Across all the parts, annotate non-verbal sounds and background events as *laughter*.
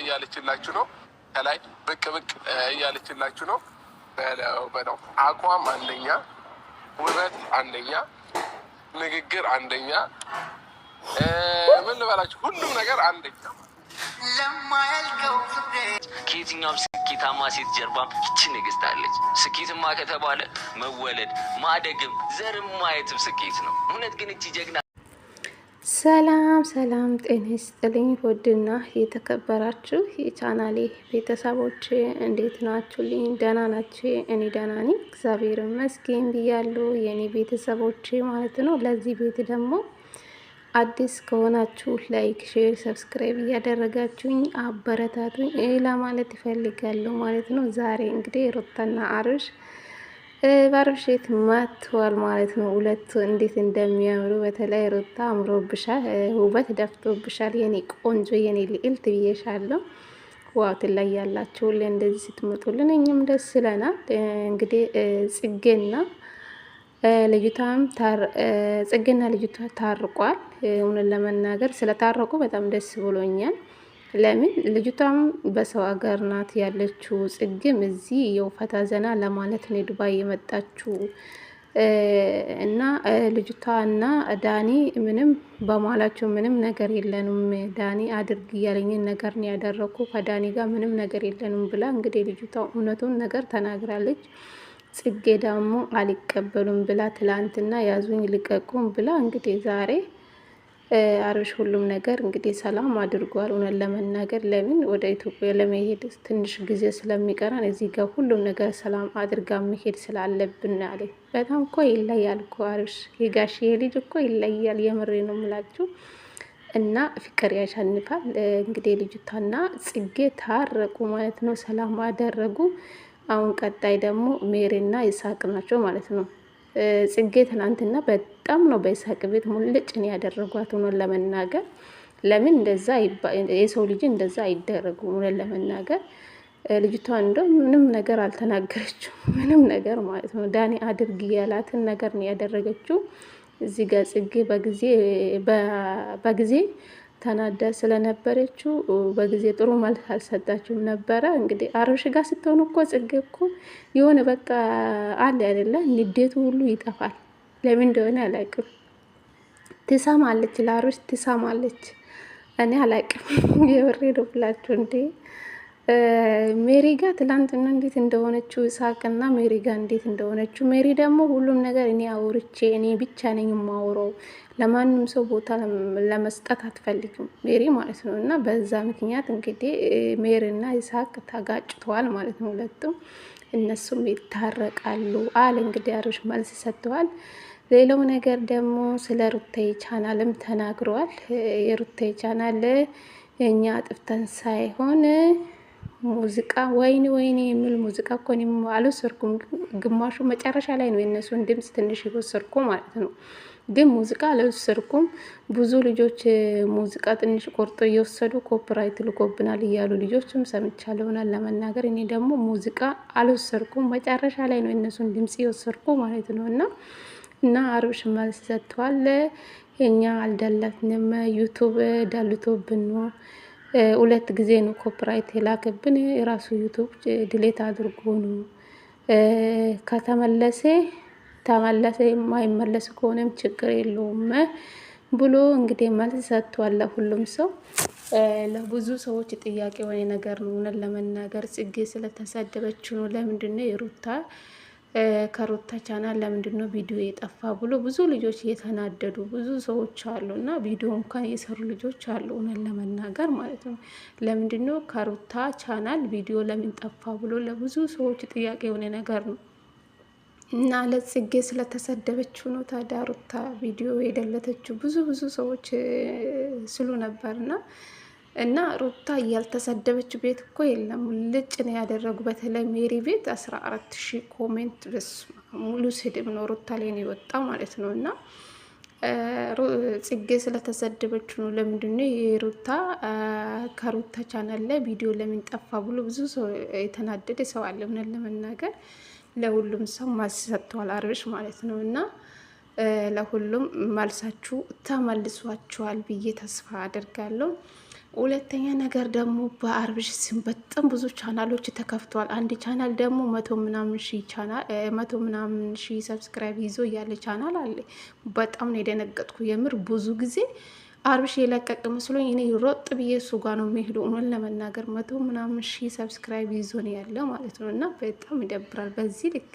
እያለችላችሁ ነው። ከላይ ብቅ ብቅ እያለችላችሁ ነው። በለው አቋም አንደኛ፣ ውበት አንደኛ፣ ንግግር አንደኛ፣ ምን ልበላችሁ፣ ሁሉም ነገር አንደኛ። ከየትኛውም ስኬታማ ሴት ጀርባም ይቺ ንግስት አለች። ስኬትማ ከተባለ መወለድ ማደግም ዘርም ማየትም ስኬት ነው። እውነት ግን እቺ ጀግና ሰላም ሰላም፣ ጤና ይስጥልኝ። ውድና የተከበራችሁ የቻናሌ ቤተሰቦች እንዴት ናችሁልኝ? ደህና ናችሁ? እኔ ደህና ነኝ፣ እግዚአብሔር ይመስገን ብያለሁ። የእኔ ቤተሰቦች ማለት ነው። ለዚህ ቤት ደግሞ አዲስ ከሆናችሁ ላይክ፣ ሼር፣ ሰብስክራይብ እያደረጋችሁኝ አበረታቱኝ ለማለት ይፈልጋለሁ ማለት ነው። ዛሬ እንግዲህ ሩታና አብርሽ በአብርሽ ማትዋል ማለት ነው። ሁለቱ እንዴት እንደሚያምሩ በተለይ ሩታ አምሮብሻል፣ ውበት ደፍቶብሻል፣ የኔ ቆንጆ የኔ ልዕልት ብዬሻለሁ። ዋው ትላይ ያላችሁ ሁሌ እንደዚህ ስትመጡልን እኛም ደስ ይለናል። እንግዲህ ጽጌና ልጅቷም ጽጌና ልጅቷ ታርቋል። እውነት ለመናገር ስለታረቁ በጣም ደስ ብሎኛል። ለምን ልጅቷም በሰው ሀገር ናት ያለችው። ጽግም እዚህ የው ፈታ ዘና ለማለት ነው ዱባይ የመጣችው እና ልጅቷ እና ዳኒ ምንም በማላቸው ምንም ነገር የለንም፣ ዳኒ አድርግ እያለኝን ነገር ነው ያደረግኩ ከዳኒ ጋር ምንም ነገር የለንም ብላ እንግዲህ ልጅቷ እውነቱን ነገር ተናግራለች። ጽጌ ደግሞ አልቀበሉም ብላ ትላንትና ያዙኝ ልቀቁም ብላ እንግዲህ ዛሬ አብርሽ ሁሉም ነገር እንግዲህ ሰላም አድርጓል። እውነት ለመናገር ለምን ወደ ኢትዮጵያ ለመሄድ ትንሽ ጊዜ ስለሚቀረን እዚህ ጋር ሁሉም ነገር ሰላም አድርጋ መሄድ ስላለብን አለ። በጣም እኮ ይለያል እኮ አብርሽ የጋሽ ልጅ እኮ ይለያል። የምሬ ነው ምላችሁ እና ፍቅር ያሸንፋል። እንግዲህ ልጅቷና ጽጌ ታረቁ ማለት ነው፣ ሰላም አደረጉ። አሁን ቀጣይ ደግሞ ሜሪና ይሳቅ ናቸው ማለት ነው። ጽጌ ትናንትና በጣም ነው በይስሐቅ ቤት ሙልጭን ያደረጓት ሆኖን ለመናገር ለምን እንደዛ የሰው ልጅ እንደዛ አይደረጉ ሆነን ለመናገር ልጅቷ እንደ ምንም ነገር አልተናገረችው *laughs* ምንም ነገር ማለት ነው። ዳኒ አድርግ ያላትን ነገር ነው ያደረገችው። እዚህ ጋር ጽጌ በጊዜ ተናዳ ስለነበረችው በጊዜ ጥሩ መልስ አልሰጣችሁም ነበረ። እንግዲህ አብርሽ ጋር ስትሆኑ እኮ ጽጌ እኮ የሆነ በቃ አለ አይደለ ንዴቱ ሁሉ ይጠፋል። ለምን እንደሆነ አላውቅም። ትሰማለች፣ ለአብርሽ ትሰማለች። እኔ አላውቅም። *laughs* የወሬ ነው ብላችሁ እንዴ ሜሪ ጋ ትላንትና እንዴት እንደሆነችው ሳቅና ሜሪ ጋ እንዴት እንደሆነችው ሜሪ ደግሞ ሁሉም ነገር እኔ አውርቼ እኔ ብቻ ነኝ የማውረው ለማንም ሰው ቦታ ለመስጠት አትፈልግም ሜሪ ማለት ነው። እና በዛ ምክንያት እንግዲህ ሜሪና ይሳቅ ተጋጭተዋል ማለት ነው። ሁለቱም እነሱም ይታረቃሉ አለ እንግዲህ አብርሽ መልስ ሰጥተዋል። ሌላው ነገር ደግሞ ስለ ሩታዬ ቻናልም ተናግረዋል። የሩታዬ ቻናል እኛ አጥፍተን ሳይሆን ሙዚቃ ወይኔ ወይኔ የሚል ሙዚቃ እኮ እኔም አልወሰድኩም። ግማሹ መጨረሻ ላይ ነው የእነሱን ድምፅ ትንሽ የወሰድኩ ማለት ነው። ግን ሙዚቃ አልወሰድኩም። ብዙ ልጆች ሙዚቃ ትንሽ ቆርጦ እየወሰዱ ኮፒራይት ልኮብናል እያሉ ልጆችም ሰምቻለሁ ሆናል ለመናገር እኔ ደግሞ ሙዚቃ አልወሰድኩም። መጨረሻ ላይ ነው የእነሱን ድምፅ የወሰድኩ ማለት ነው እና እና አብርሽ መልስ ሰጥተዋል። እኛ አልደለትንም ዩቱብ ደልቶብን ነው ሁለት ጊዜ ነው ኮፒራይት የላከብን። የራሱ ዩቱብ ድሌት አድርጎ ነው ከተመለሰ ተመለሰ፣ የማይመለስ ከሆነም ችግር የለውም ብሎ እንግዲህ መልስ ሰጥቷል። ሁሉም ሰው ለብዙ ሰዎች ጥያቄ የሆነ ነገር ነው። እውነት ለመናገር ጽጌ ስለተሰደበች ነው። ለምንድነው የሩታ ከሩታ ቻናል ለምንድን ነው ቪዲዮ የጠፋ ብሎ ብዙ ልጆች እየተናደዱ ብዙ ሰዎች አሉ እና ቪዲዮ እንኳን የሰሩ ልጆች አሉ። እውነት ለመናገር ማለት ነው ለምንድን ነው ከሩታ ቻናል ቪዲዮ ለምን ጠፋ ብሎ ለብዙ ሰዎች ጥያቄ የሆነ ነገር ነው እና ለጽጌ ስለተሰደበችው ነው ታዲያ ሩታ ቪዲዮ የደለተችው ብዙ ብዙ ሰዎች ስሉ ነበርና እና ሩታ ያልተሰደበች ቤት እኮ የለም። ልጭ ነው ያደረጉ። በተለይ ሜሪ ቤት አስራ አራት ሺህ ኮሜንት በስ ሙሉ ስድብ ነው ሩታ ላይ ነው የወጣ ማለት ነው። እና ጽጌ ስለተሰደበች ነው። ለምንድነው የሩታ ከሩታ ቻናል ላይ ቪዲዮ ለምን ጠፋ ብሎ ብዙ ሰው የተናደደ ሰው አለ። ለመናገር ለሁሉም ሰው ማስ ሰጥተዋል አብርሽ ማለት ነው እና ለሁሉም ማልሳችሁ ተመልሷችኋል ብዬ ተስፋ አደርጋለሁ። ሁለተኛ ነገር ደግሞ በአብርሽ ስም በጣም ብዙ ቻናሎች ተከፍቷል። አንድ ቻናል ደግሞ መቶ ምናምን ሺ ቻናል መቶ ምናምን ሺ ሰብስክራይብ ይዞ ያለ ቻናል አለ። በጣም ነው የደነገጥኩ። የምር ብዙ ጊዜ አብርሽ የለቀቅ መስሎኝ እኔ ሮጥ ብዬ እሱ ጋ ነው የሚሄዱ። እውነት ለመናገር መቶ ምናምን ሺ ሰብስክራይብ ይዞ ነው ያለ ማለት ነው። እና በጣም ይደብራል። በዚህ ልክ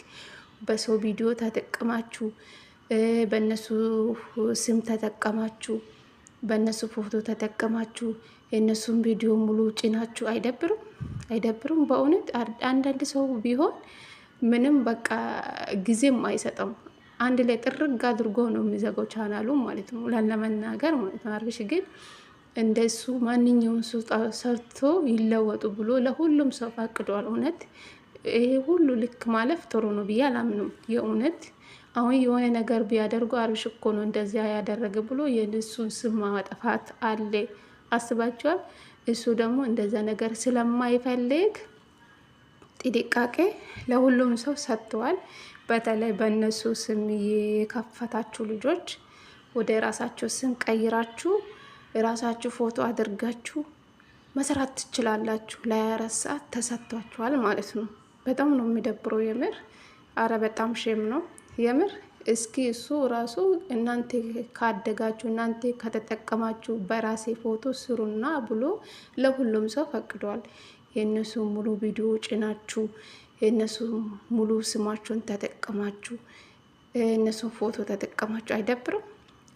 በሰው ቪዲዮ ተጠቅማችሁ በእነሱ ስም ተጠቀማችሁ በእነሱ ፎቶ ተጠቀማችሁ የእነሱን ቪዲዮ ሙሉ ጭናችሁ አይደብሩም? አይደብሩም? በእውነት አንዳንድ ሰው ቢሆን ምንም በቃ ጊዜም አይሰጠም። አንድ ላይ ጥርግ አድርጎ ነው የሚዘጋው ቻናሉ ማለት ነው፣ ላለመናገር ማለት ነው። አብርሽ ግን እንደሱ ማንኛውም ሰው ሰርቶ ይለወጡ ብሎ ለሁሉም ሰው ፈቅዷል። እውነት ይሄ ሁሉ ልክ ማለፍ ጥሩ ነው ብዬ አላምንም የእውነት አሁን የሆነ ነገር ቢያደርጉ አብርሽ እኮ ነው እንደዚያ ያደረገ ብሎ የእሱን ስም ማጥፋት አለ። አስባቸዋል። እሱ ደግሞ እንደዛ ነገር ስለማይፈልግ ጥንቃቄ ለሁሉም ሰው ሰጥተዋል። በተለይ በእነሱ ስም የከፈታችሁ ልጆች ወደ ራሳችሁ ስም ቀይራችሁ ራሳችሁ ፎቶ አድርጋችሁ መስራት ትችላላችሁ ለአራት ሰዓት ተሰጥቷችኋል ማለት ነው። በጣም ነው የሚደብረው የምር። አረ በጣም ሼም ነው። የምር እስኪ እሱ ራሱ እናንተ ካደጋችሁ እናንተ ከተጠቀማችሁ በራሴ ፎቶ ስሩና ብሎ ለሁሉም ሰው ፈቅዷል። የእነሱ ሙሉ ቪዲዮ ጭናችሁ የእነሱ ሙሉ ስማችሁን ተጠቀማችሁ የእነሱ ፎቶ ተጠቀማችሁ አይደብርም?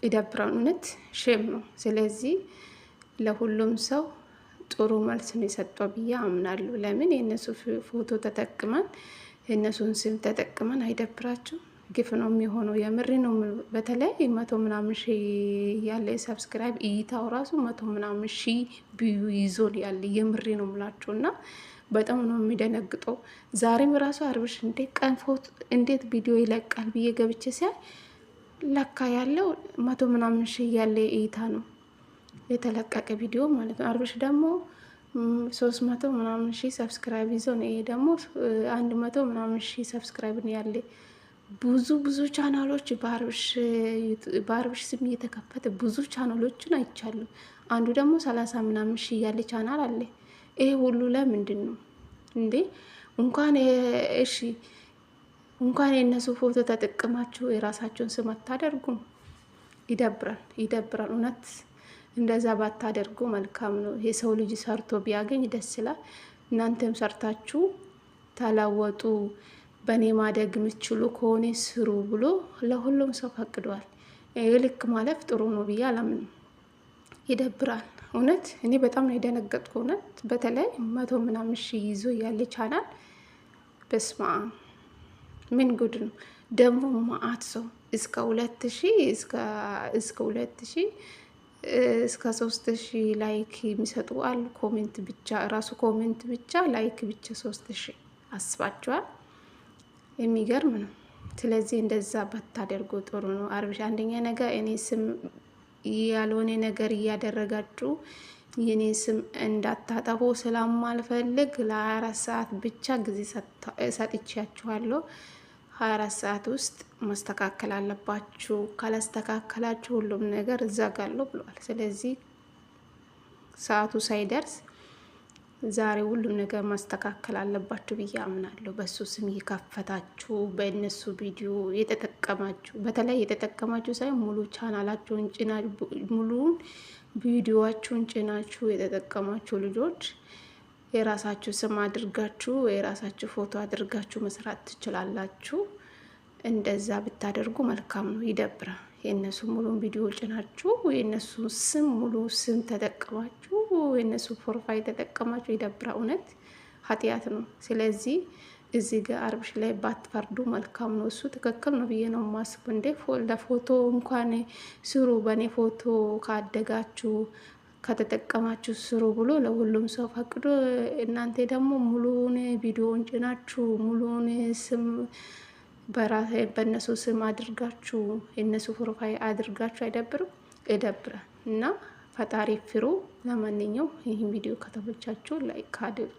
ይደብራል። እውነት ሼም ነው። ስለዚህ ለሁሉም ሰው ጥሩ መልስ ነው የሰጠው ብዬ አምናለሁ። ለምን የእነሱ ፎቶ ተጠቅመን የእነሱን ስም ተጠቅመን አይደብራችሁ? ግፍ ነው የሚሆነው። የምሬ ነው። በተለይ መቶ ምናምን ሺ ያለ ሰብስክራይብ እይታው ራሱ መቶ ምናምን ሺ ቢዩ ይዞል ያለ የምሬ ነው ምላችሁ እና በጣም ነው የሚደነግጠው። ዛሬም ራሱ አብርሽ እንዴት ቀንፎት እንዴት ቪዲዮ ይለቃል ብዬ ገብቼ ሲያይ ለካ ያለው መቶ ምናምን ሺ ያለ እይታ ነው የተለቀቀ ቪዲዮ ማለት ነው። አብርሽ ደግሞ ሶስት መቶ ምናምን ሺ ሰብስክራይብ ይዞ ነው። ይሄ ደግሞ አንድ መቶ ምናምን ሺ ሰብስክራይብ ነው ያለ ብዙ ብዙ ቻናሎች በአብርሽ ስም እየተከፈተ ብዙ ቻናሎችን አይቻሉ። አንዱ ደግሞ ሰላሳ ምናምን ሺ ቻናል አለ። ይሄ ሁሉ ለምንድን ነው እንዴ? እንኳን እሺ እንኳን የእነሱ ፎቶ ተጠቅማችሁ የራሳቸውን ስም አታደርጉም? ይደብራል፣ ይደብራል። እውነት እንደዛ ባታደርጉ መልካም ነው። የሰው ልጅ ሰርቶ ቢያገኝ ደስ ይላል። እናንተም ሰርታችሁ ተለወጡ። በእኔ ማደግ የምችሉ ከሆነ ስሩ ብሎ ለሁሉም ሰው ፈቅደዋል። ልክ ማለፍ ጥሩ ነው ብዬ አላምንም። ይደብራል እውነት። እኔ በጣም ነው የደነገጥኩ እውነት። በተለይ መቶ ምናምን ሺ ይዞ ያለ ቻናል በስማ ምን ጉድ ነው ደግሞ ማአት ሰው እስከ ሁለት ሺ እስከ ሁለት ሺ እስከ ሶስት ሺ ላይክ የሚሰጡ አሉ። ኮሜንት ብቻ ራሱ ኮሜንት ብቻ ላይክ ብቻ ሶስት ሺ አስባችኋል። የሚገርም ነው። ስለዚህ እንደዛ ባታደርጉ ጥሩ ነው። አብርሽ አንደኛ ነገር እኔ ስም ያልሆነ ነገር እያደረጋችሁ የኔ ስም እንዳታጠፉ ስለማልፈልግ ለሀያ አራት ሰዓት ብቻ ጊዜ ሰጥቻችኋለሁ። ሀያ አራት ሰዓት ውስጥ መስተካከል አለባችሁ። ካላስተካከላችሁ ሁሉም ነገር እዘጋለሁ ብለዋል። ስለዚህ ሰዓቱ ሳይደርስ ዛሬ ሁሉም ነገር ማስተካከል አለባችሁ ብዬ አምናለሁ። በእሱ ስም የከፈታችሁ በእነሱ ቪዲዮ የተጠቀማችሁ በተለይ የተጠቀማችሁ ሳይ ሙሉ ቻናላችሁን ጭና ሙሉውን ቪዲዮዋችሁን ጭናችሁ የተጠቀማችሁ ልጆች የራሳችሁ ስም አድርጋችሁ የራሳችሁ ፎቶ አድርጋችሁ መስራት ትችላላችሁ። እንደዛ ብታደርጉ መልካም ነው። ይደብራል። የእነሱ ሙሉን ቪዲዮ ጭናችሁ የእነሱ ስም ሙሉ ስም ተጠቀማችሁ የእነሱ ፕሮፋይል ተጠቀማችሁ የደብራ እውነት ኃጢአት ነው። ስለዚህ እዚህ ጋር አብርሽ ላይ ባትፈርዱ መልካም ነው። እሱ ትክክል ነው ብዬ ነው ማስቡ። እንዴ ለፎቶ እንኳን ስሩ፣ በእኔ ፎቶ ካደጋችሁ ከተጠቀማችሁ ስሩ ብሎ ለሁሉም ሰው ፈቅዶ እናንተ ደግሞ ሙሉውን ቪዲዮን ጭናችሁ ሙሉውን ስም በራሴ በእነሱ ስም አድርጋችሁ የእነሱ ፕሮፋይል አድርጋችሁ አይደብርም? እደብረ እና ፈጣሪ ፍሩ። ለማንኛውም ይህን ቪዲዮ ከተመቻችሁ ላይክ አድርጉ።